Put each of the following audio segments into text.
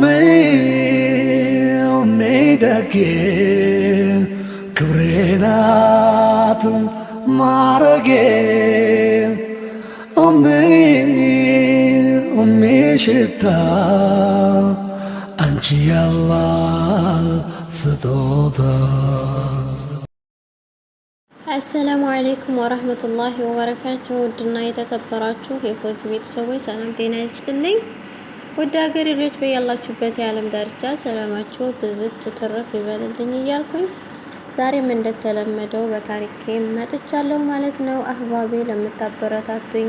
me, omega que ክብሬናት ማረጌ ኦሜ ኦሜ ሽታ አንቺ ያላ ስጦታ አሰላሙ አሌይኩም ወረህመቱላሂ ወበረካቱሁ። ውድና የተከበራችሁ የፎዝ ቤተሰቦች ሰላም ጤና ይስጥልኝ። ወደ ሀገር ልጆች በያላችሁበት የዓለም ዳርቻ ሰላማችሁ ብዝት ትርፍ ይበልልኝ እያልኩኝ ዛሬም እንደተለመደው በታሪኬ መጥቻለሁ ማለት ነው። አህባቤ ለምታበረታቱኝ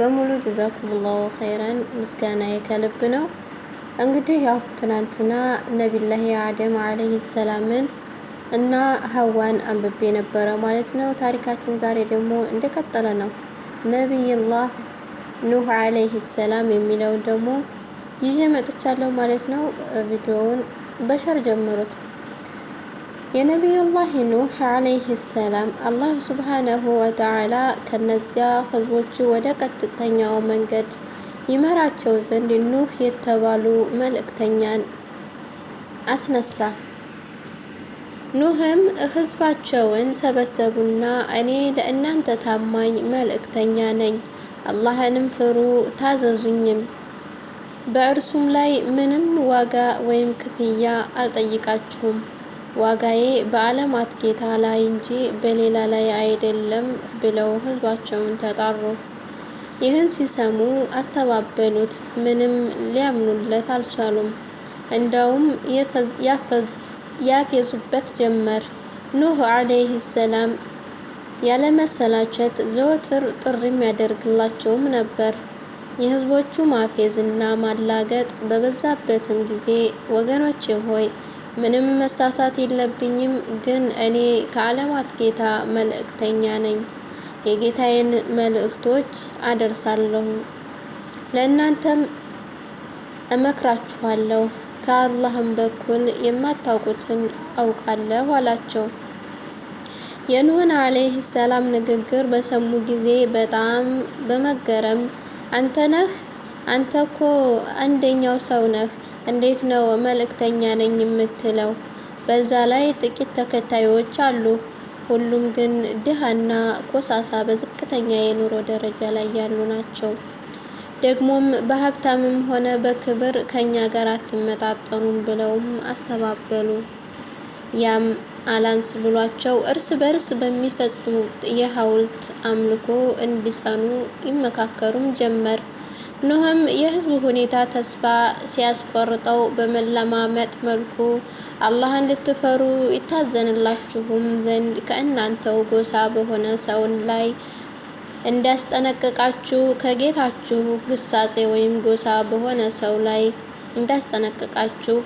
በሙሉ ጀዛኩሙላሁ ኸይረን ምስጋናዬ ከልብ ነው። እንግዲህ ያው ትናንትና ነቢላሂ አደም አለይሂ ሰላምን እና ሀዋን አንብቤ ነበረ ማለት ነው። ታሪካችን ዛሬ ደግሞ እንደቀጠለ ነው። ነቢይላህ ኑህ አለይሂ ሰላም የሚለውን ደግሞ ይዤ መጥቻለሁ ማለት ነው። ቪዲዮውን በሸር ጀምሩት። የነቢዩላህ ኑህ ዓለይሂ ሰላም አላህ ሱብሓነሁ ወተዓላ ከነዚያ ህዝቦቹ ወደ ቀጥተኛው መንገድ ይመራቸው ዘንድ ኑህ የተባሉ መልእክተኛን አስነሳ። ኑህም ህዝባቸውን ሰበሰቡና እኔ ለእናንተ ታማኝ መልእክተኛ ነኝ፣ አላህንም ፍሩ ታዘዙኝም በእርሱም ላይ ምንም ዋጋ ወይም ክፍያ አልጠይቃችሁም። ዋጋዬ በዓለማት ጌታ ላይ እንጂ በሌላ ላይ አይደለም ብለው ህዝባቸውን ተጣሩ። ይህን ሲሰሙ አስተባበሉት፣ ምንም ሊያምኑለት አልቻሉም። እንዳውም ያፌዙበት ጀመር። ኑህ ዓለይሂ ሰላም ያለመሰላቸት ዘወትር ጥሪም ያደርግላቸውም ነበር። የህዝቦቹ ማፌዝና ማላገጥ በበዛበትም ጊዜ ወገኖቼ ሆይ ምንም መሳሳት የለብኝም፣ ግን እኔ ከዓለማት ጌታ መልእክተኛ ነኝ። የጌታዬን መልእክቶች አደርሳለሁ፣ ለእናንተም እመክራችኋለሁ፣ ከአላህም በኩል የማታውቁትን አውቃለሁ አላቸው። የኑህን ዓለይህ ሰላም ንግግር በሰሙ ጊዜ በጣም በመገረም አንተ ነህ? አንተ እኮ አንደኛው ሰው ነህ። እንዴት ነው መልእክተኛ ነኝ የምትለው? በዛ ላይ ጥቂት ተከታዮች አሉ። ሁሉም ግን ድሃና ኮሳሳ በዝቅተኛ የኑሮ ደረጃ ላይ ያሉ ናቸው። ደግሞም በሀብታምም ሆነ በክብር ከኛ ጋር አትመጣጠኑም ብለውም አስተባበሉ። ያም አላንስ ብሏቸው እርስ በርስ በሚፈጽሙት የሐውልት አምልኮ እንዲጸኑ ይመካከሩም ጀመር። ኖህም የህዝቡ ሁኔታ ተስፋ ሲያስቆርጠው በመለማመጥ መልኩ አላህን ልትፈሩ ይታዘንላችሁም ዘንድ ከእናንተው ጎሳ በሆነ ሰውን ላይ እንዳስጠነቀቃችሁ ከጌታችሁ ግሳጼ ወይም ጎሳ በሆነ ሰው ላይ እንዳስጠነቀቃችሁ።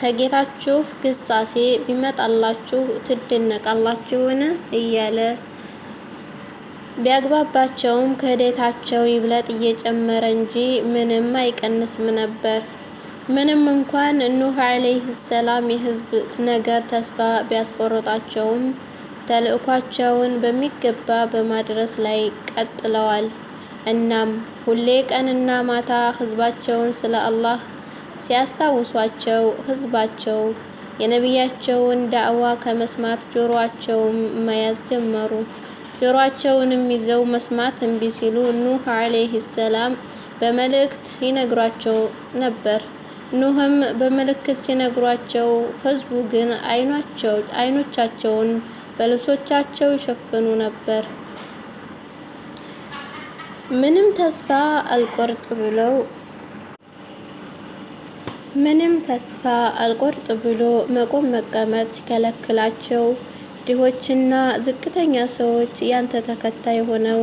ከጌታችሁ ግሳጼ ቢመጣላችሁ ትደነቃላችሁን? እያለ ቢያግባባቸውም ክህደታቸው ይብለጥ እየጨመረ እንጂ ምንም አይቀንስም ነበር። ምንም እንኳን ኑህ ዓለይህ ሰላም የህዝብ ነገር ተስፋ ቢያስቆርጣቸውም ተልእኳቸውን በሚገባ በማድረስ ላይ ቀጥለዋል። እናም ሁሌ ቀንና ማታ ህዝባቸውን ስለ አላህ ሲያስታውሷቸው ህዝባቸው የነቢያቸውን ዳዕዋ ከመስማት ጆሮአቸውም መያዝ ጀመሩ። ጆሮአቸውንም ይዘው መስማት እምቢ ሲሉ ኑህ አለይሂ ሰላም በመልእክት ይነግሯቸው ነበር። ኑህም በመልእክት ሲነግሯቸው ህዝቡ ግን አይኗቸው አይኖቻቸውን በልብሶቻቸው ይሸፍኑ ነበር። ምንም ተስፋ አልቆርጥ ብለው ምንም ተስፋ አልቆርጥ ብሎ መቆም መቀመጥ ሲከለክላቸው ድሆችና ዝቅተኛ ሰዎች ያንተ ተከታይ ሆነው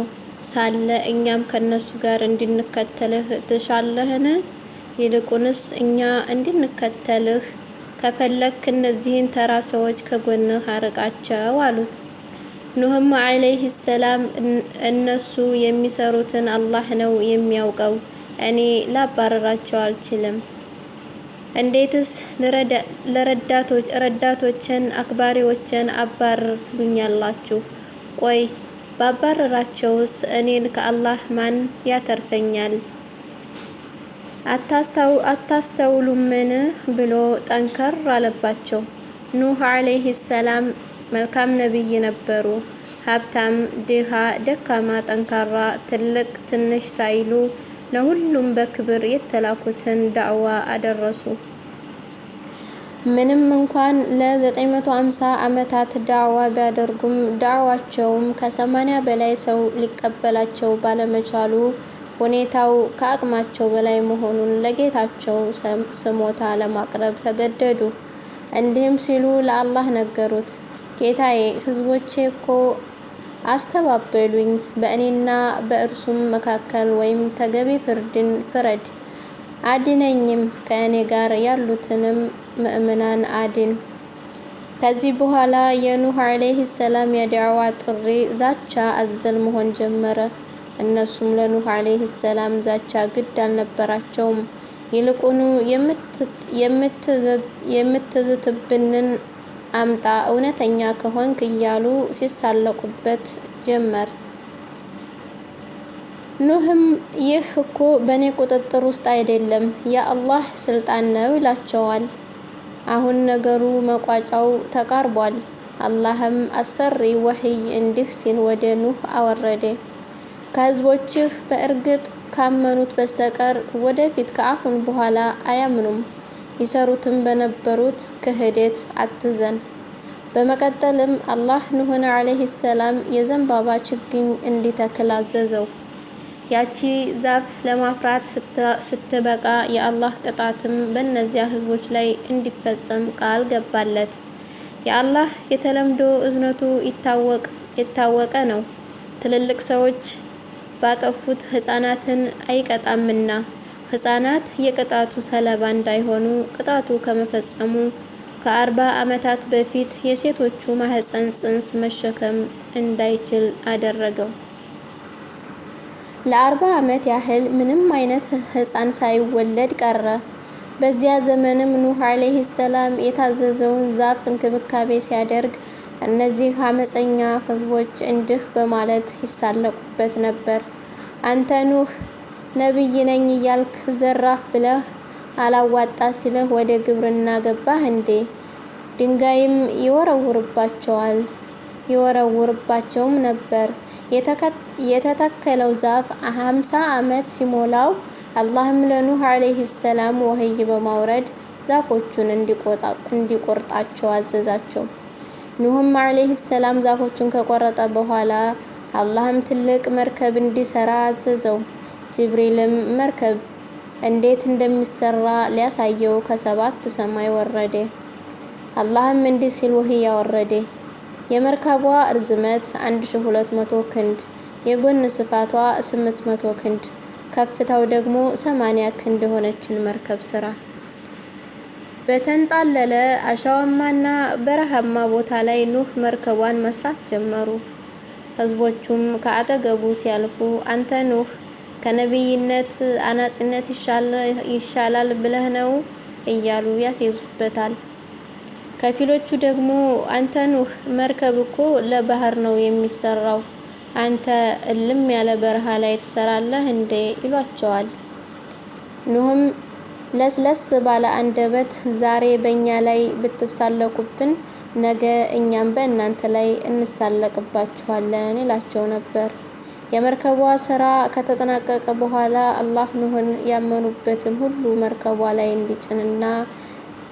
ሳለ እኛም ከነሱ ጋር እንድንከተልህ ትሻለህን? ይልቁንስ እኛ እንድንከተልህ ከፈለክ እነዚህን ተራ ሰዎች ከጎንህ አርቃቸው አሉት። ኑህም ዓለይህ ሰላም እነሱ የሚሰሩትን አላህ ነው የሚያውቀው፣ እኔ ላባረራቸው አልችልም። እንዴትስ ረዳቶችን አክባሪዎችን አባርሩኛላችሁ? ቆይ ባባረራቸውስ እኔን ከአላህ ማን ያተርፈኛል? አታስተውሉምን? ብሎ ጠንከር አለባቸው። ኑህ አለይሂ ሰላም መልካም ነብይ ነበሩ። ሀብታም፣ ድሃ፣ ደካማ፣ ጠንካራ፣ ትልቅ፣ ትንሽ ሳይሉ ለሁሉም በክብር የተላኩትን ዳዕዋ አደረሱ። ምንም እንኳን ለ950 ዓመታት ዳዕዋ ቢያደርጉም ዳዕዋቸውም ከ80 በላይ ሰው ሊቀበላቸው ባለመቻሉ ሁኔታው ከአቅማቸው በላይ መሆኑን ለጌታቸው ስሞታ ለማቅረብ ተገደዱ። እንዲህም ሲሉ ለአላህ ነገሩት፣ ጌታዬ ህዝቦቼ እኮ አስተባበሉኝ። በእኔና በእርሱም መካከል ወይም ተገቢ ፍርድን ፍረድ፣ አድነኝም፣ ከእኔ ጋር ያሉትንም ምእምናን አድን። ከዚህ በኋላ የኑህ አለይሂ ሰላም የዳዕዋ ጥሪ ዛቻ አዘል መሆን ጀመረ። እነሱም ለኑህ አለይሂ ሰላም ዛቻ ግድ አልነበራቸውም። ይልቁኑ የምትዝትብንን አምጣ እውነተኛ ከሆንክ እያሉ ሲሳለቁበት ጀመር። ኑህም ይህ እኮ በእኔ ቁጥጥር ውስጥ አይደለም፣ የአላህ ስልጣን ነው ይላቸዋል። አሁን ነገሩ መቋጫው ተቃርቧል። አላህም አስፈሪ ወህይ እንዲህ ሲል ወደ ኑህ አወረደ። ከህዝቦችህ በእርግጥ ካመኑት በስተቀር ወደፊት ከአሁን በኋላ አያምኑም። ይሰሩትም በነበሩት ክህደት አትዘን። በመቀጠልም አላህ ኑህን አለይሂ ሰላም የዘንባባ ችግኝ እንዲተክል አዘዘው። ያቺ ዛፍ ለማፍራት ስትበቃ የአላህ ቅጣትም በእነዚያ ህዝቦች ላይ እንዲፈጸም ቃል ገባለት። የአላህ የተለምዶ እዝነቱ የታወቀ ነው። ትልልቅ ሰዎች ባጠፉት ህፃናትን አይቀጣምና ህጻናት የቅጣቱ ሰለባ እንዳይሆኑ ቅጣቱ ከመፈጸሙ ከአርባ ዓመታት በፊት የሴቶቹ ማህፀን ጽንስ መሸከም እንዳይችል አደረገው። ለአርባ ዓመት ያህል ምንም አይነት ህፃን ሳይወለድ ቀረ። በዚያ ዘመንም ኑህ ዓለይሂ ሰላም የታዘዘውን ዛፍ እንክብካቤ ሲያደርግ እነዚህ አመፀኛ ህዝቦች እንዲህ በማለት ይሳለቁበት ነበር። አንተ ኑህ ነብይ ነኝ እያልክ ዘራፍ ብለህ አላዋጣ ሲልህ ወደ ግብርና ገባህ እንዴ? ድንጋይም ይወረውርባቸዋል ይወረውርባቸውም ነበር። የተተከለው ዛፍ ሀምሳ አመት ሲሞላው አላህም ለኑህ አለይሂ ሰላም ወህይ በማውረድ ዛፎቹን እንዲቆርጣቸው አዘዛቸው። ኑህም አለይሂ ሰላም ዛፎቹን ከቆረጠ በኋላ አላህም ትልቅ መርከብ እንዲሰራ አዘዘው። ጅብሪልም መርከብ እንዴት እንደሚሰራ ሊያሳየው ከሰባት ሰማይ ወረደ። አላህም እንዲህ ሲል ወህይ ያወረደ የመርከቧ እርዝመት 1200 ክንድ፣ የጎን ስፋቷ 800 ክንድ፣ ከፍታው ደግሞ 80 ክንድ የሆነችን መርከብ ስራ። በተንጣለለ አሸዋማና በረሃማ ቦታ ላይ ኑህ መርከቧን መስራት ጀመሩ። ህዝቦቹም ከአጠገቡ ሲያልፉ አንተ ኑህ ከነቢይነት አናጺነት ይሻላል ብለህ ነው እያሉ ያፌዙበታል። ከፊሎቹ ደግሞ አንተ ኑህ መርከብ እኮ ለባህር ነው የሚሰራው፣ አንተ እልም ያለ በረሃ ላይ ትሰራለህ እንዴ ይሏቸዋል። ኑህም ለስለስ ባለ አንደበት ዛሬ በእኛ ላይ ብትሳለቁብን፣ ነገ እኛም በእናንተ ላይ እንሳለቅባችኋለን ይላቸው ነበር። የመርከቧ ስራ ከተጠናቀቀ በኋላ አላህ ኑህን ያመኑበትን ሁሉ መርከቧ ላይ እንዲጭንና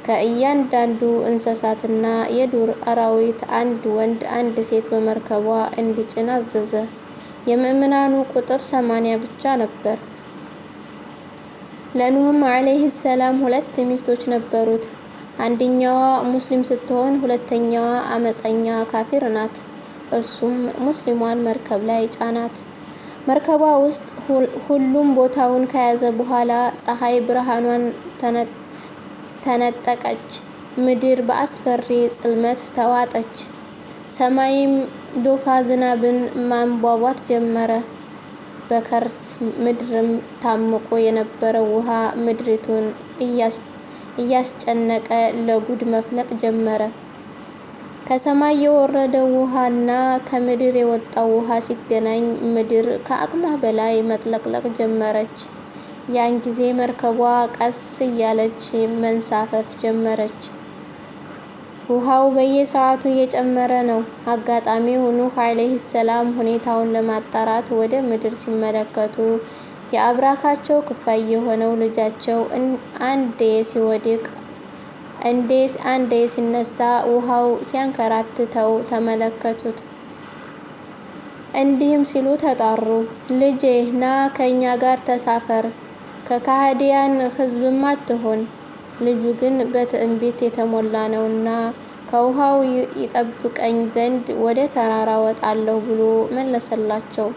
ከእያንዳንዱ እንስሳትና የዱር አራዊት አንድ ወንድ አንድ ሴት በመርከቧ እንዲጭን አዘዘ። የምእምናኑ ቁጥር ሰማንያ ብቻ ነበር። ለኑህም ዓለይህ ሰላም ሁለት ሚስቶች ነበሩት። አንደኛዋ ሙስሊም ስትሆን ሁለተኛዋ አመፀኛ ካፊር ናት። እሱም ሙስሊሟን መርከብ ላይ ጫናት። መርከቧ ውስጥ ሁሉም ቦታውን ከያዘ በኋላ ፀሐይ ብርሃኗን ተነጠቀች። ምድር በአስፈሪ ጽልመት ተዋጠች። ሰማይም ዶፋ ዝናብን ማንቧቧት ጀመረ። በከርስ ምድርም ታምቆ የነበረው ውሃ ምድሪቱን እያስጨነቀ ለጉድ መፍለቅ ጀመረ። ከሰማይ የወረደው ውሃና ከምድር የወጣው ውሃ ሲገናኝ ምድር ከአቅሟ በላይ መጥለቅለቅ ጀመረች። ያን ጊዜ መርከቧ ቀስ እያለች መንሳፈፍ ጀመረች። ውሃው በየሰዓቱ እየጨመረ ነው። አጋጣሚው ኑህ ዓለይሂ ሰላም ሁኔታውን ለማጣራት ወደ ምድር ሲመለከቱ የአብራካቸው ክፋይ የሆነው ልጃቸው አንዴ ሲወድቅ እንዴስ አንዴ ሲነሳ ውሃው ሲያንከራትተው ተመለከቱት። እንዲህም ሲሉ ተጣሩ፣ ልጄ ና ከኛ ጋር ተሳፈር፣ ከካህዲያን ህዝብም አትሆን። ልጁ ግን በትዕቢት የተሞላ ነውና ከውሃው ይጠብቀኝ ዘንድ ወደ ተራራ ወጣለሁ ብሎ መለሰላቸው።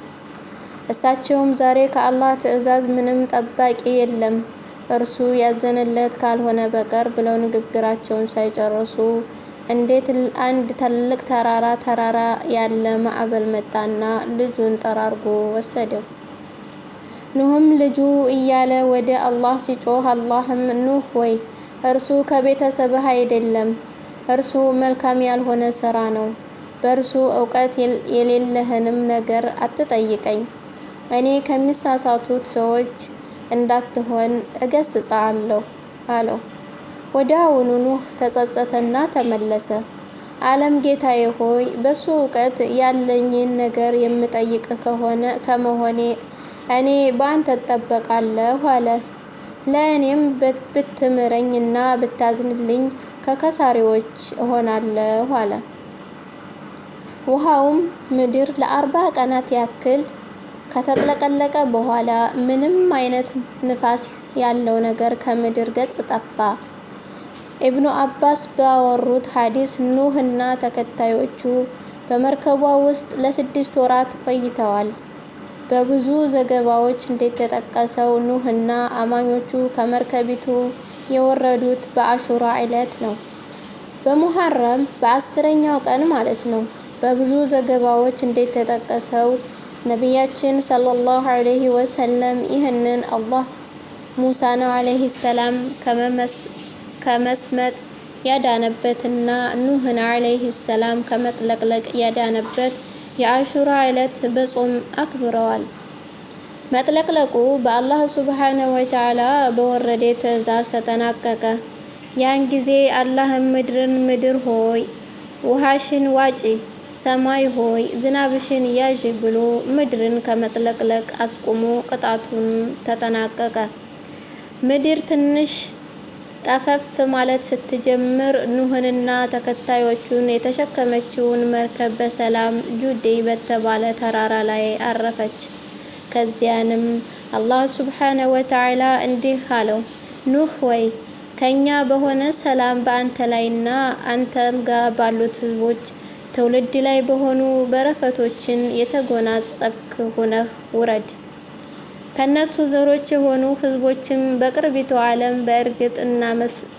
እሳቸውም ዛሬ ከአላህ ትዕዛዝ ምንም ጠባቂ የለም እርሱ ያዘነለት ካልሆነ በቀር ብለው ንግግራቸውን ሳይጨርሱ እንዴት አንድ ትልቅ ተራራ ተራራ ያለ ማዕበል መጣና ልጁን ጠራርጎ ወሰደው። ኑህም ልጁ እያለ ወደ አላህ ሲጮህ፣ አላህም ኑህ ወይ እርሱ ከቤተሰብህ አይደለም፣ እርሱ መልካም ያልሆነ ስራ ነው። በእርሱ እውቀት የሌለህንም ነገር አትጠይቀኝ። እኔ ከሚሳሳቱት ሰዎች እንዳትሆን እገስጻለሁ አለው። ወዲያውኑ ኑህ ተጸጸተና ተመለሰ። አለም ጌታዬ ሆይ በሱ እውቀት ያለኝን ነገር የምጠይቅ ከሆነ ከመሆኔ እኔ በአንተ እጠበቃለሁ አለ። ለእኔም ብትምረኝ እና ብታዝንልኝ ከከሳሪዎች እሆናለሁ አለ። ውሃውም ምድር ለአርባ ቀናት ያክል ከተጥለቀለቀ በኋላ ምንም አይነት ንፋስ ያለው ነገር ከምድር ገጽ ጠፋ። ኢብኑ አባስ ባወሩት ሐዲስ ኑህና ተከታዮቹ በመርከቧ ውስጥ ለስድስት ወራት ቆይተዋል። በብዙ ዘገባዎች እንደተጠቀሰው ኑህና አማኞቹ ከመርከቢቱ የወረዱት በአሹራ ዕለት ነው፣ በሙሐረም በአስረኛው ቀን ማለት ነው። በብዙ ዘገባዎች እንደተጠቀሰው ነቢያችን ሰለላሁ ዐለይሂ ወሰለም ይህንን አላህ ሙሳን ዐለይሂ ሰላም ከመስመጥ ያዳነበትና ኑህን ዐለይሂ ሰላም ከመጥለቅለቅ ያዳነበት የአሹራ ዕለት በጾም አክብረዋል። መጥለቅለቁ በአላህ ሱብሓነሁ ወተዓላ በወረደ ትዕዛዝ ተጠናቀቀ። ያን ጊዜ አላህም ምድርን ምድር ሆይ ውሃሽን ዋጪ ሰማይ ሆይ ዝናብሽን ያዥ ብሎ ምድርን ከመጥለቅለቅ አስቆሞ ቅጣቱን ተጠናቀቀ። ምድር ትንሽ ጠፈፍ ማለት ስትጀምር ኑህንና ተከታዮቹን የተሸከመችውን መርከብ በሰላም ጁዴይ በተባለ ተራራ ላይ አረፈች። ከዚያንም አላህ ሱብሓነ ወተዓላ እንዲህ አለው፣ ኑህ ወይ ከኛ በሆነ ሰላም በአንተ ላይና አንተም ጋር ባሉት ህዝቦች ትውልድ ላይ በሆኑ በረከቶችን የተጎናጸፍክ ሁነህ ውረድ። ከነሱ ዘሮች የሆኑ ህዝቦችም በቅርቢቱ ዓለም በእርግጥ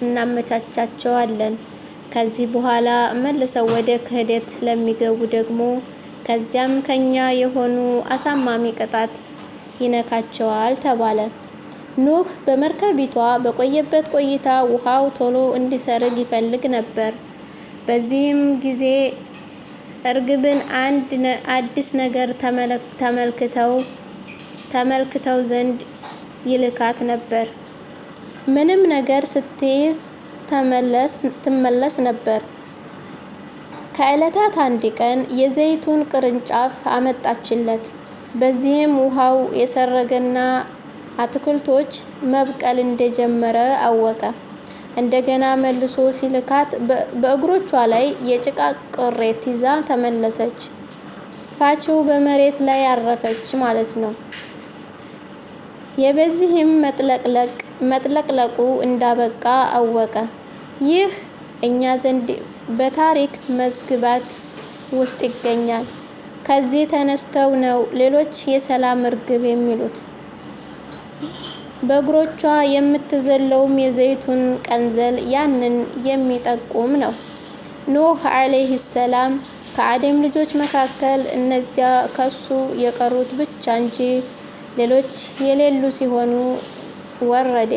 እናመቻቻቸዋለን። ከዚህ በኋላ መልሰው ወደ ክህደት ለሚገቡ ደግሞ ከዚያም ከኛ የሆኑ አሳማሚ ቅጣት ይነካቸዋል ተባለ። ኑህ በመርከቢቷ በቆየበት ቆይታ ውሃው ቶሎ እንዲሰርግ ይፈልግ ነበር። በዚህም ጊዜ እርግብን አንድ አዲስ ነገር ተመልክተው ተመልክተው ዘንድ ይልካት ነበር። ምንም ነገር ስትይዝ ትመለስ ነበር። ከእለታት አንድ ቀን የዘይቱን ቅርንጫፍ አመጣችለት። በዚህም ውሃው የሰረገና አትክልቶች መብቀል እንደጀመረ አወቀ። እንደገና መልሶ ሲልካት በእግሮቿ ላይ የጭቃ ቅሬት ይዛ ተመለሰች። ፋቸው በመሬት ላይ አረፈች ማለት ነው። የበዚህም መጥለቅለቅ መጥለቅለቁ እንዳበቃ አወቀ። ይህ እኛ ዘንድ በታሪክ መዝግባት ውስጥ ይገኛል። ከዚህ ተነስተው ነው ሌሎች የሰላም እርግብ የሚሉት። በእግሮቿ የምትዘለውም የዘይቱን ቀንዘል ያንን የሚጠቁም ነው። ኑህ ዓለይህ ሰላም ከአደም ልጆች መካከል እነዚያ ከሱ የቀሩት ብቻ እንጂ ሌሎች የሌሉ ሲሆኑ ወረደ።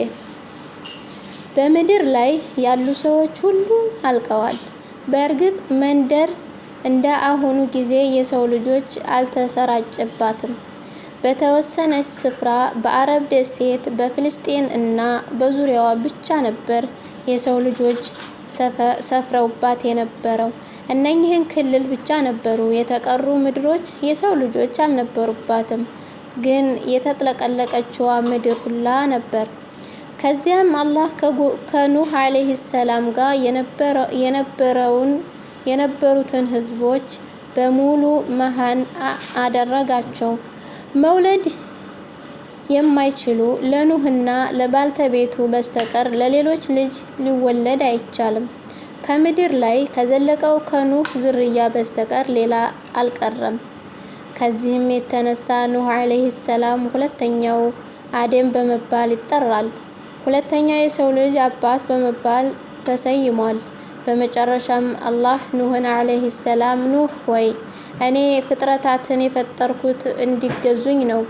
በምድር ላይ ያሉ ሰዎች ሁሉ አልቀዋል። በእርግጥ መንደር እንደ አሁኑ ጊዜ የሰው ልጆች አልተሰራጨባትም። በተወሰነች ስፍራ በአረብ ደሴት በፍልስጤን እና በዙሪያዋ ብቻ ነበር የሰው ልጆች ሰፍረውባት የነበረው። እነኚህን ክልል ብቻ ነበሩ። የተቀሩ ምድሮች የሰው ልጆች አልነበሩባትም፣ ግን የተጥለቀለቀችዋ ምድር ሁላ ነበር። ከዚያም አላህ ከኑህ አለይሂ ሰላም ጋር የነበረውን የነበሩትን ህዝቦች በሙሉ መሃን አደረጋቸው። መውለድ የማይችሉ ለኑህና ለባልተቤቱ በስተቀር ለሌሎች ልጅ ሊወለድ አይቻልም። ከምድር ላይ ከዘለቀው ከኑህ ዝርያ በስተቀር ሌላ አልቀረም። ከዚህም የተነሳ ኑህ ዓለይሂ ሰላም ሁለተኛው አደም በመባል ይጠራል። ሁለተኛ የሰው ልጅ አባት በመባል ተሰይሟል። በመጨረሻም አላህ ኑህን ዓለይሂ ሰላም ኑህ ወይ እኔ ፍጥረታትን የፈጠርኩት እንዲገዙኝ ነው።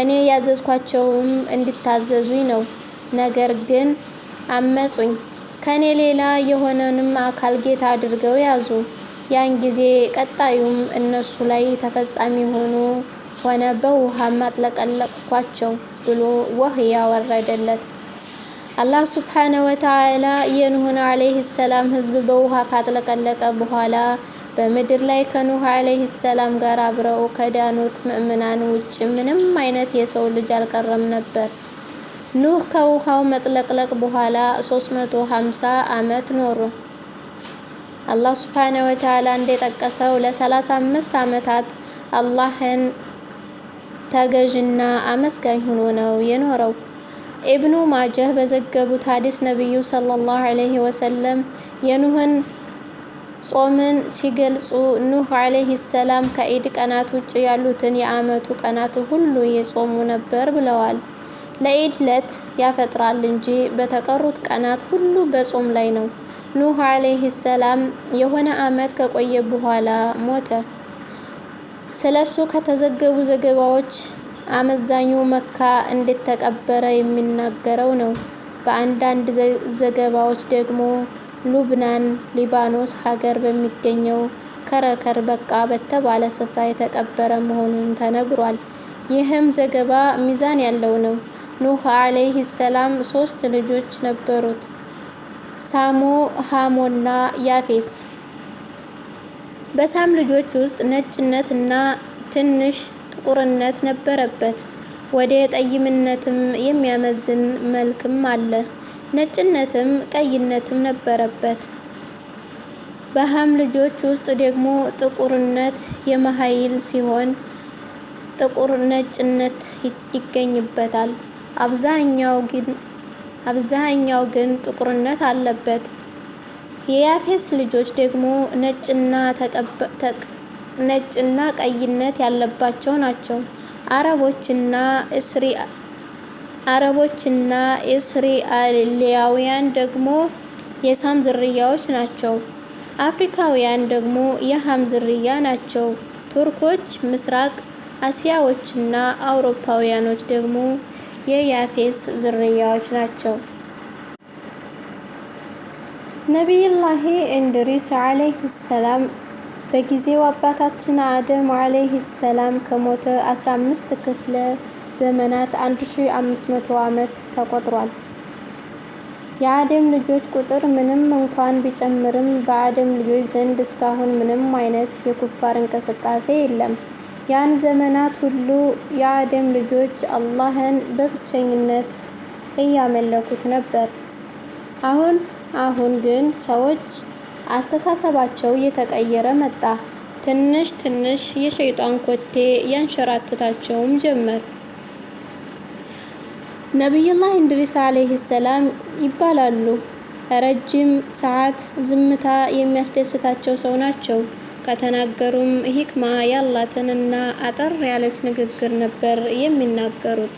እኔ ያዘዝኳቸውም እንዲታዘዙኝ ነው። ነገር ግን አመጹኝ። ከኔ ሌላ የሆነንም አካል ጌታ አድርገው ያዙ። ያን ጊዜ ቀጣዩም እነሱ ላይ ተፈጻሚ ሆኖ ሆነ። በውሃ ማጥለቀለቅኳቸው ብሎ ወህ ያወረደለት አላህ ሱብሓነሁ ወተዓላ የኑህን አለይሂ ሰላም ህዝብ በውሃ ካጥለቀለቀ በኋላ በምድር ላይ ከኑህ አለይሂ ሰላም ጋር አብረው ከዳኑት ምእምናን ውጭ ምንም አይነት የሰው ልጅ አልቀረም ነበር። ኑህ ከውሃው መጥለቅለቅ በኋላ 350 ዓመት ኖሩ። አላህ ሱብሓነሁ ወተዓላ እንደጠቀሰው ለ35 ዓመታት አላህን ተገዥና አመስጋኝ ሆኖ ነው የኖረው። ኢብኑ ማጀህ በዘገቡት ሐዲስ ነቢዩ ሰለላሁ ዐለይሂ ወሰለም የኑህን ጾምን ሲገልጹ ኑህ ዓለይሂ ሰላም ከኢድ ቀናት ውጭ ያሉትን የዓመቱ ቀናት ሁሉ የጾሙ ነበር ብለዋል። ለኢድ ለት ያፈጥራል እንጂ በተቀሩት ቀናት ሁሉ በጾም ላይ ነው። ኑህ ዓለይሂ ሰላም የሆነ ዓመት ከቆየ በኋላ ሞተ። ስለሱ ከተዘገቡ ዘገባዎች አመዛኙ መካ እንደተቀበረ የሚናገረው ነው። በአንዳንድ ዘገባዎች ደግሞ ሉብናን ሊባኖስ ሀገር በሚገኘው ከረከር በቃ በተባለ ስፍራ የተቀበረ መሆኑን ተነግሯል። ይህም ዘገባ ሚዛን ያለው ነው። ኑህ አለይህ ሰላም ሶስት ልጆች ነበሩት፣ ሳሙ፣ ሃሞና ያፌስ። በሳም ልጆች ውስጥ ነጭነት እና ትንሽ ጥቁርነት ነበረበት። ወደ ጠይምነትም የሚያመዝን መልክም አለ። ነጭነትም ቀይነትም ነበረበት። በሃም ልጆች ውስጥ ደግሞ ጥቁርነት የመሃይል ሲሆን ጥቁር ነጭነት ይገኝበታል። አብዛኛው ግን ጥቁርነት አለበት። የያፌስ ልጆች ደግሞ ነጭና ቀይነት ያለባቸው ናቸው። አረቦችና አረቦችና እስራኤላውያን ደግሞ የሳም ዝርያዎች ናቸው። አፍሪካውያን ደግሞ የሃም ዝርያ ናቸው። ቱርኮች፣ ምስራቅ አሲያዎችና አውሮፓውያኖች ደግሞ የያፌስ ዝርያዎች ናቸው። ነቢይላሂ እንድሪስ ዓለይህ ሰላም በጊዜው አባታችን አደም ዓለይህ ሰላም ከሞተ 15 ክፍለ ዘመናት 1500 ዓመት ተቆጥሯል። የአደም ልጆች ቁጥር ምንም እንኳን ቢጨምርም በአደም ልጆች ዘንድ እስካሁን ምንም አይነት የኩፋር እንቅስቃሴ የለም። ያን ዘመናት ሁሉ የአደም ልጆች አላህን በብቸኝነት እያመለኩት ነበር። አሁን አሁን ግን ሰዎች አስተሳሰባቸው እየተቀየረ መጣ። ትንሽ ትንሽ የሸይጣን ኮቴ ያንሸራትታቸውም ጀመር። ነቢዩላህ እንድሪስ አለይሂ ሰላም ይባላሉ። ረጅም ሰዓት ዝምታ የሚያስደስታቸው ሰው ናቸው። ከተናገሩም ሂክማ ያላትንና አጠር ያለች ንግግር ነበር የሚናገሩት።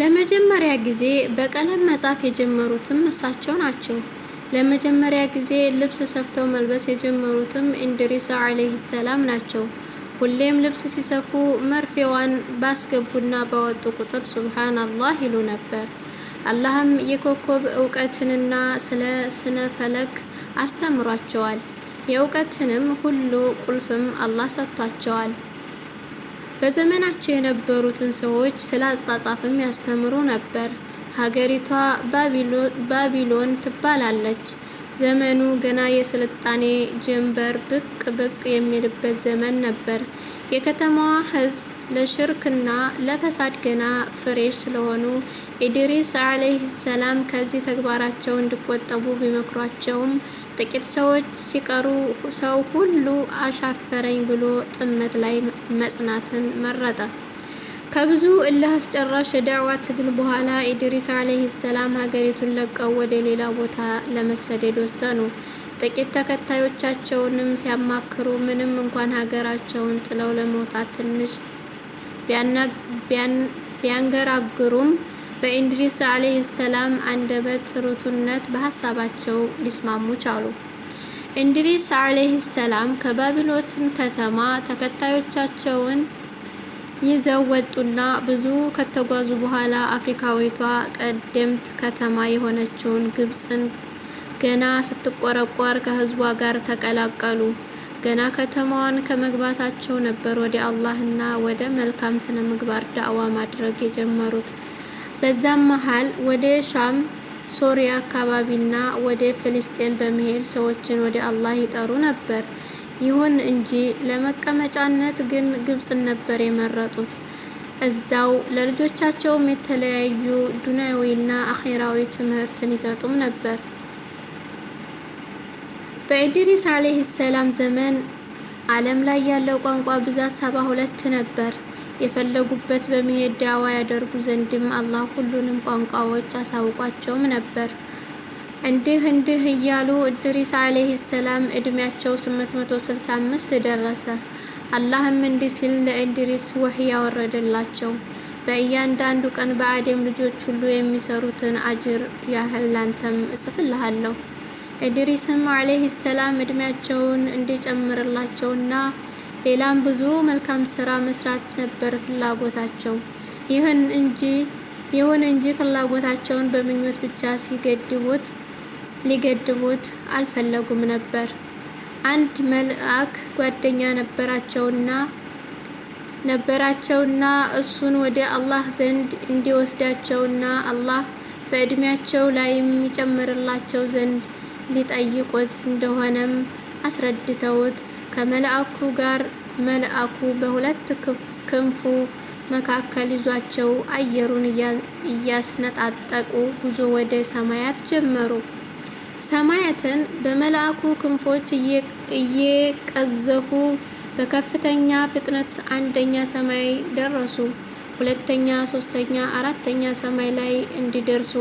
ለመጀመሪያ ጊዜ በቀለም መጻፍ የጀመሩትም እሳቸው ናቸው። ለመጀመሪያ ጊዜ ልብስ ሰፍተው መልበስ የጀመሩትም እንድሪስ አለይሂ ሰላም ናቸው። ሁሌም ልብስ ሲሰፉ መርፌዋን ባስገቡና ባወጡ ቁጥር ሱብሃንአላህ ይሉ ነበር። አላህም የኮከብ እውቀትንና ስለ ስነ ፈለክ አስተምሯቸዋል። የእውቀትንም ሁሉ ቁልፍም አላህ ሰጥቷቸዋል። በዘመናቸው የነበሩትን ሰዎች ስለ አጻጻፍም ያስተምሩ ነበር። ሀገሪቷ ባቢሎን ትባላለች። ዘመኑ ገና የስልጣኔ ጀንበር ብቅ ብቅ የሚልበት ዘመን ነበር። የከተማዋ ሕዝብ ለሽርክና ለፈሳድ ገና ፍሬሽ ስለሆኑ ኢድሪስ ዓለይህ ሰላም ከዚህ ተግባራቸው እንዲቆጠቡ ቢመክሯቸውም ጥቂት ሰዎች ሲቀሩ ሰው ሁሉ አሻፈረኝ ብሎ ጥመት ላይ መጽናትን መረጠ። ከብዙ እልህ አስጨራሽ የዳዕዋ ትግል በኋላ ኢድሪስ ዓለይሂ ሰላም ሀገሪቱን ለቀው ወደ ሌላ ቦታ ለመሰደድ ወሰኑ። ጥቂት ተከታዮቻቸውንም ሲያማክሩ ምንም እንኳን ሀገራቸውን ጥለው ለመውጣት ትንሽ ቢያንገራግሩም በኢድሪስ ዓለይሂ ሰላም አንደበት ሩቱነት በሀሳባቸው ሊስማሙ ቻሉ። ኢድሪስ ዓለይሂ ሰላም ከባቢሎትን ከተማ ተከታዮቻቸውን ይዘው ወጡና ብዙ ከተጓዙ በኋላ አፍሪካዊቷ ቀደምት ከተማ የሆነችውን ግብፅን ገና ስትቆረቋር ከህዝቧ ጋር ተቀላቀሉ። ገና ከተማዋን ከመግባታቸው ነበር ወደ አላህና ወደ መልካም ስነ ምግባር ዳዕዋ ማድረግ የጀመሩት። በዛም መሀል ወደ ሻም፣ ሶሪያ አካባቢና ወደ ፍልስጤን በመሄድ ሰዎችን ወደ አላህ ይጠሩ ነበር። ይሁን እንጂ ለመቀመጫነት ግን ግብጽን ነበር የመረጡት። እዛው ለልጆቻቸውም የተለያዩ ዱንያዊና አኼራዊ ትምህርትን ይሰጡም ነበር። በኢድሪስ ዓለይሂ ሰላም ዘመን ዓለም ላይ ያለው ቋንቋ ብዛት ሰባ ሁለት ነበር። የፈለጉበት በመሄድ ዳዋ ያደርጉ ዘንድም አላህ ሁሉንም ቋንቋዎች አሳውቋቸውም ነበር። እንዲህ እንዲህ እያሉ እድሪስ አለይሂ ሰላም እድሜያቸው 865 ደረሰ። አላህም እንዲህ ሲል ለእድሪስ ወህይ ያወረደላቸው በእያንዳንዱ ቀን በአደም ልጆች ሁሉ የሚሰሩትን አጅር ያህል ላንተም እጽፍልሃለሁ። እድሪስም አለይሂ ሰላም እድሜያቸውን እንዲጨምርላቸውና ሌላም ብዙ መልካም ስራ መስራት ነበር ፍላጎታቸው። ይሁን እንጂ ይሁን እንጂ ፍላጎታቸውን በምኞት ብቻ ሲገድቡት ሊገድቡት አልፈለጉም ነበር። አንድ መልአክ ጓደኛ ነበራቸውና ነበራቸውና እሱን ወደ አላህ ዘንድ እንዲወስዳቸውና አላህ በእድሜያቸው ላይ የሚጨምርላቸው ዘንድ ሊጠይቁት እንደሆነም አስረድተውት ከመልአኩ ጋር መልአኩ በሁለት ክንፉ መካከል ይዟቸው አየሩን እያስነጣጠቁ ጉዞ ወደ ሰማያት ጀመሩ። ሰማያትን በመልአኩ ክንፎች እየቀዘፉ በከፍተኛ ፍጥነት አንደኛ ሰማይ ደረሱ። ሁለተኛ፣ ሶስተኛ፣ አራተኛ ሰማይ ላይ እንዲደርሱ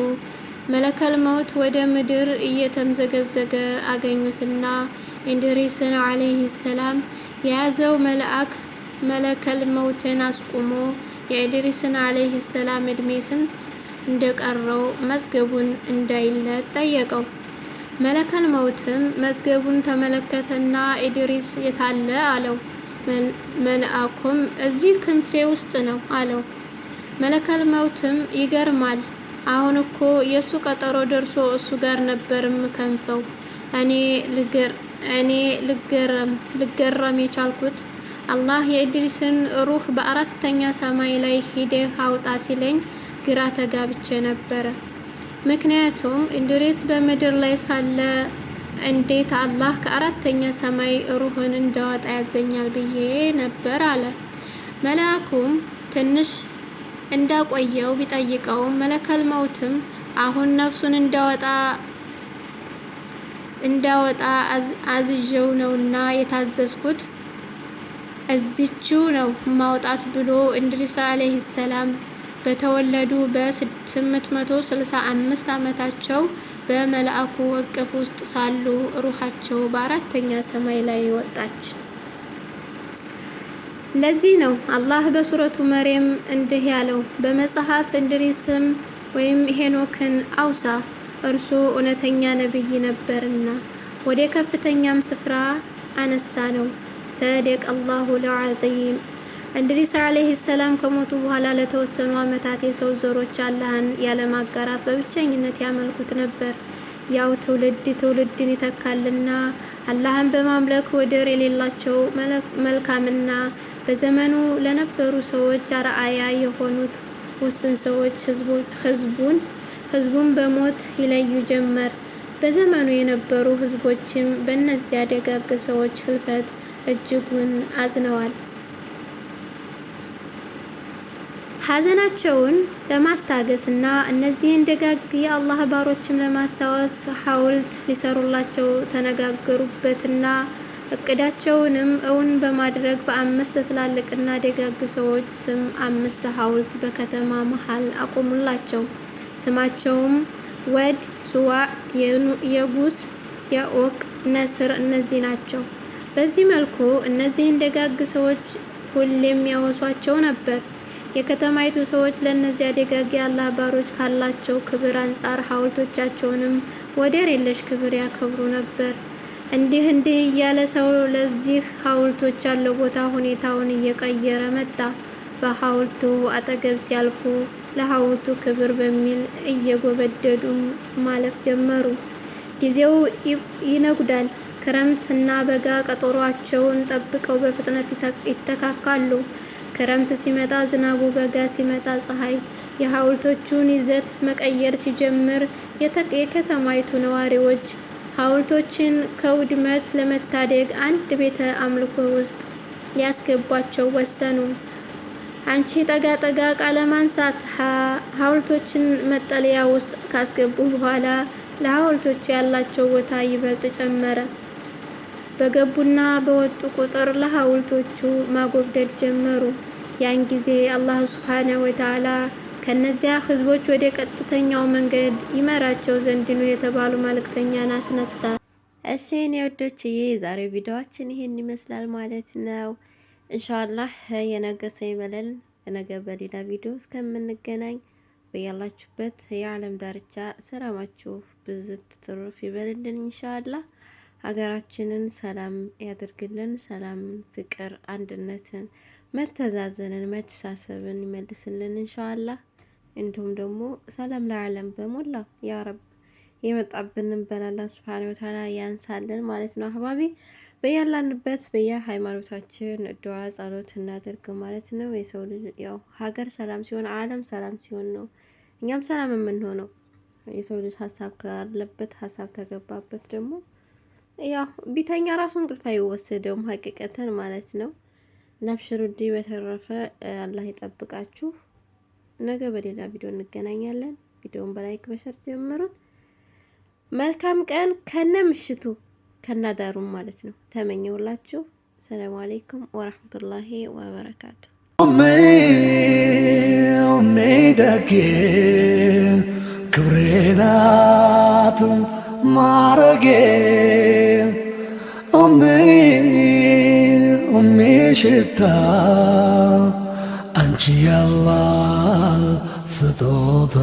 መለከል መውት ወደ ምድር እየተምዘገዘገ አገኙትና ኢድሪስን ዓለይሂ ሰላም የያዘው መልአክ መለከል መውትን አስቁሞ የኢድሪስን ዓለይሂ ሰላም እድሜ ስንት እንደቀረው መዝገቡን እንዳይለት ጠየቀው። መለከል መውትም መዝገቡን ተመለከተና ኢድሪስ የታለ አለው። መልአኩም እዚህ ክንፌ ውስጥ ነው አለው። መለከል መውትም ይገርማል፣ አሁን እኮ የእሱ ቀጠሮ ደርሶ እሱ ጋር ነበርም ከንፈው እኔ እኔ ልገረም የቻልኩት አላህ የኢድሪስን ሩህ በአራተኛ ሰማይ ላይ ሂደህ አውጣ ሲለኝ ግራ ተጋብቼ ነበረ። ምክንያቱም እንድሪስ በምድር ላይ ሳለ እንዴት አላህ ከአራተኛ ሰማይ ሩህን እንዳወጣ ያዘኛል ብዬ ነበር አለ። መልአኩም ትንሽ እንዳቆየው ቢጠይቀውም መለከል መውትም አሁን ነፍሱን እንዳወጣ እንዳወጣ አዝዤው ነውና የታዘዝኩት እዚቹ ነው ማውጣት ብሎ ኢድሪስ አለይሂ ሰላም በተወለዱ በ865 ዓመታቸው በመልአኩ እቅፍ ውስጥ ሳሉ ሩሃቸው በአራተኛ ሰማይ ላይ ወጣች። ለዚህ ነው አላህ በሱረቱ መርየም እንዲህ ያለው፣ በመጽሐፍ እንድሪስም ወይም ሄኖክን አውሳ እርሱ እውነተኛ ነብይ ነበርና ወደ ከፍተኛም ስፍራ አነሳ ነው። ሰደቅ አላሁ ልዓዚም እንድሪስ አለይሂ ሰላም ከሞቱ በኋላ ለተወሰኑ ዓመታት የሰው ዘሮች አላህን ያለማጋራት በብቸኝነት ያመልኩት ነበር። ያው ትውልድ ትውልድን ይተካልና አላህን በማምለክ ወደር የሌላቸው መልካምና በዘመኑ ለነበሩ ሰዎች አርአያ የሆኑት ውስን ሰዎች ህዝቡን ህዝቡን በሞት ይለዩ ጀመር። በዘመኑ የነበሩ ህዝቦችም በእነዚያ ደጋግ ሰዎች ህልፈት እጅጉን አዝነዋል። ሐዘናቸውን ለማስታገስና እነዚህን ደጋግ የአላህ ባሮችም ለማስታወስ ሀውልት ሊሰሩላቸው ተነጋገሩበትና እቅዳቸውንም እውን በማድረግ በአምስት ትላልቅና ደጋግ ሰዎች ስም አምስት ሀውልት በከተማ መሀል አቆሙላቸው። ስማቸውም ወድ፣ ሱዋ፣ የጉስ፣ የኦቅ ነስር እነዚህ ናቸው። በዚህ መልኩ እነዚህን ደጋግ ሰዎች ሁሌም ያወሷቸው ነበር። የከተማይቱ ሰዎች ለእነዚያ ደጋግ የአላህ ባሮች ካላቸው ክብር አንጻር ሐውልቶቻቸውንም ወደር የለሽ ክብር ያከብሩ ነበር። እንዲህ እንዲህ እያለ ሰው ለዚህ ሐውልቶች ያለው ቦታ ሁኔታውን እየቀየረ መጣ። በሐውልቱ አጠገብ ሲያልፉ ለሐውልቱ ክብር በሚል እየጎበደዱ ማለፍ ጀመሩ። ጊዜው ይነጉዳል። ክረምት እና በጋ ቀጠሯቸውን ጠብቀው በፍጥነት ይተካካሉ። ክረምት ሲመጣ ዝናቡ፣ በጋ ሲመጣ ፀሐይ፣ የሐውልቶቹን ይዘት መቀየር ሲጀምር የከተማይቱ ነዋሪዎች ሐውልቶችን ከውድመት ለመታደግ አንድ ቤተ አምልኮ ውስጥ ሊያስገቧቸው ወሰኑ። አንቺ ጠጋጠጋ ቃለማንሳት ቃለ ማንሳት ሐውልቶችን መጠለያ ውስጥ ካስገቡ በኋላ ለሐውልቶች ያላቸው ቦታ ይበልጥ ጨመረ። በገቡና በወጡ ቁጥር ለሐውልቶቹ ማጎብደድ ጀመሩ። ያን ጊዜ አላህ ሱብሓነሁ ወተዓላ ከነዚያ ህዝቦች ወደ ቀጥተኛው መንገድ ይመራቸው ዘንድ ነው የተባሉ መልእክተኛን አስነሳ። እሺ እኔ ወዶችዬ የዛሬው ቪዲዮአችን ይሄን ይመስላል ማለት ነው። ኢንሻአላህ የነገ ሰው ይበለን። በሌላ ቪዲዮ እስከምንገናኝ በያላችሁበት የዓለም ዳርቻ ሰላማችሁ ብዝት ትሩፍ ይበልልን። ኢንሻአላህ ሀገራችንን ሰላም ያድርግልን። ሰላምን፣ ፍቅር፣ አንድነትን መተዛዘንን መተሳሰብን ይመልስልን እንሻአላህ። እንዲሁም ደግሞ ሰላም ለዓለም በሞላ ያ ረብ የመጣብንን በላላ ስብሓን ወተዓላ ያንሳልን ማለት ነው። አህባቢ በያላንበት ሃይማኖታችን ዱዓ ጸሎት እናድርግ ማለት ነው። የሰው ልጅ ያው ሀገር ሰላም ሲሆን ዓለም ሰላም ሲሆን ነው እኛም ሰላም የምንሆነው። የሰው ልጅ ሀሳብ ካለበት ሀሳብ ተገባበት ደግሞ ያው ቢተኛ ራሱ እንቅልፍ አይወሰደውም ሀቂቀትን ማለት ነው። ላብሽሩዲ በተረፈ አላህ ይጠብቃችሁ። ነገ በሌላ ቪዲዮ እንገናኛለን። ቪዲዮውን በላይክ በሸር ጀምሩት። መልካም ቀን ከነ ምሽቱ ከናዳሩም ማለት ነው ተመኘውላችሁ። ሰላም አለይኩም ወራህመቱላሂ ወበረካቱ። ሜዳኬ ክብሬናት ማረጌ የቁሜ ሽታ አንቺ ያላ ስጦታ